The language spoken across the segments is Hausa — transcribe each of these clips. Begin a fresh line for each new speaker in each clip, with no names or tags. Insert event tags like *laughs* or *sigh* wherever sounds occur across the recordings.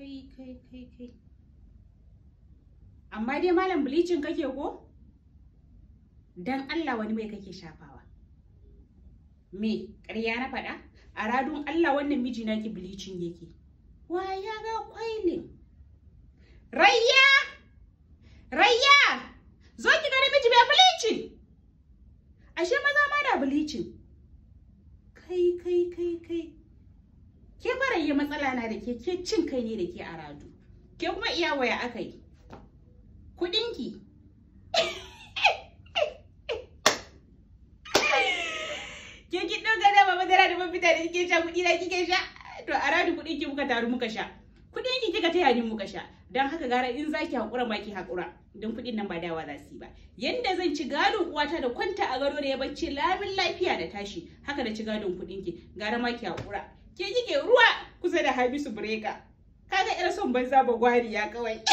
kai kai kai kai amma dai malam bleaching kake ko dan Allah wani mai kake shafawa me ƙarya na faɗa a radun Allah wannan miji naki bleaching yake wa ya ga kwai ne? rayya rayya zo ki gani miji mai bleaching ashe maza ma da bilicin? kai kai kai kai ya matsala na da ke ke cin kai ne da ke a radu ke kuma iya waya aka yi kudinki ke ki ɗauka dama madara da man fita da kike sha kuɗi na kike sha to a radu kuɗinki muka taru muka sha kuɗinki kika ta ni muka sha don haka gara in za ki haƙura ma ki haƙura don kuɗin nan ba dawa za su yi ba Yadda zan ci gadon uwata da kwanta a gado da ya bacci lamin lafiya da tashi haka da ci gadon kuɗinki gara ma ki haƙura su Breka. Kaga ƴar son banza ba gwariya kawai. *laughs*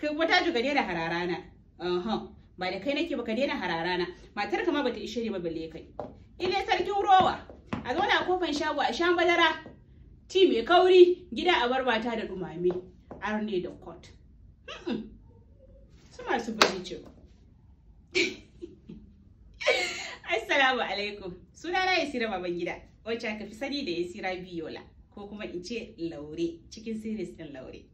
ka wata ta juga daina hararana. Aha. Ba da kai nake ba ka daina hararana. Matar ma bata ishe ni ba balle kai. Ile sarkin rowa. A zauna a kofan shago a sha madara. Ti mai kauri gida a bar mata da dumame. Arne da kot. Su masu bari ce. *laughs* Assalamu alaikum. Sunana Yasira Babangida, wacce aka fi sani da ya Yasira Biyola, ko kuma in ce Laure, cikin series ɗin Laure.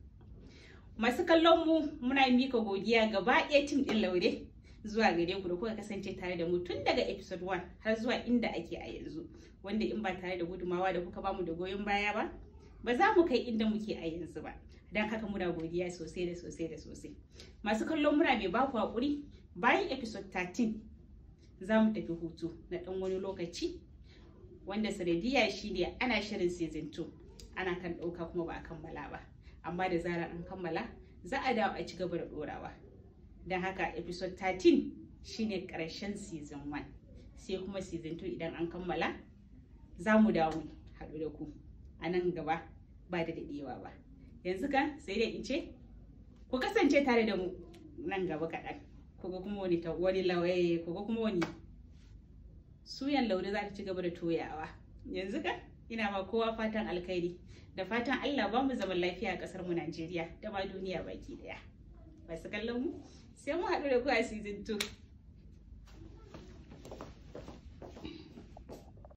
Masu kallon mu muna mika godiya gaba ɗaya tim din Laure zuwa gare ku da kuka kasance tare da mu tun daga episode 1 har zuwa inda ake a yanzu, wanda in ba tare da gudumawa da kuka bamu da goyon baya ba, ba za mu kai inda muke a yanzu ba. Don haka muna godiya sosai da sosai da sosai. Masu kallon muna mai baku hakuri bayan episode 13 za mu tafi hutu na ɗan wani lokaci wanda sanadiyya shine ana shirin season 2 ana kan ɗauka kuma ba a kammala ba amma da zarar an kammala za a dawo a ci gaba da ɗorawa don haka episode 13 shine ƙarshen season 1 sai kuma season 2 idan an kammala za mu dawo haɗu da ku a nan gaba ba da daɗewa ba yanzu kan sai dai in ce ku kasance tare da mu nan gaba kaɗan kogo kuma wani wani lauye kogo kuma wani suyan laure za ta ci gaba da toyawa yanzu ka ina ma kowa fatan alkhairi da fatan Allah ba mu zaman lafiya a kasar mu Najeriya da ma duniya baki daya masu kallon mu sai mu haɗu da ku a season 2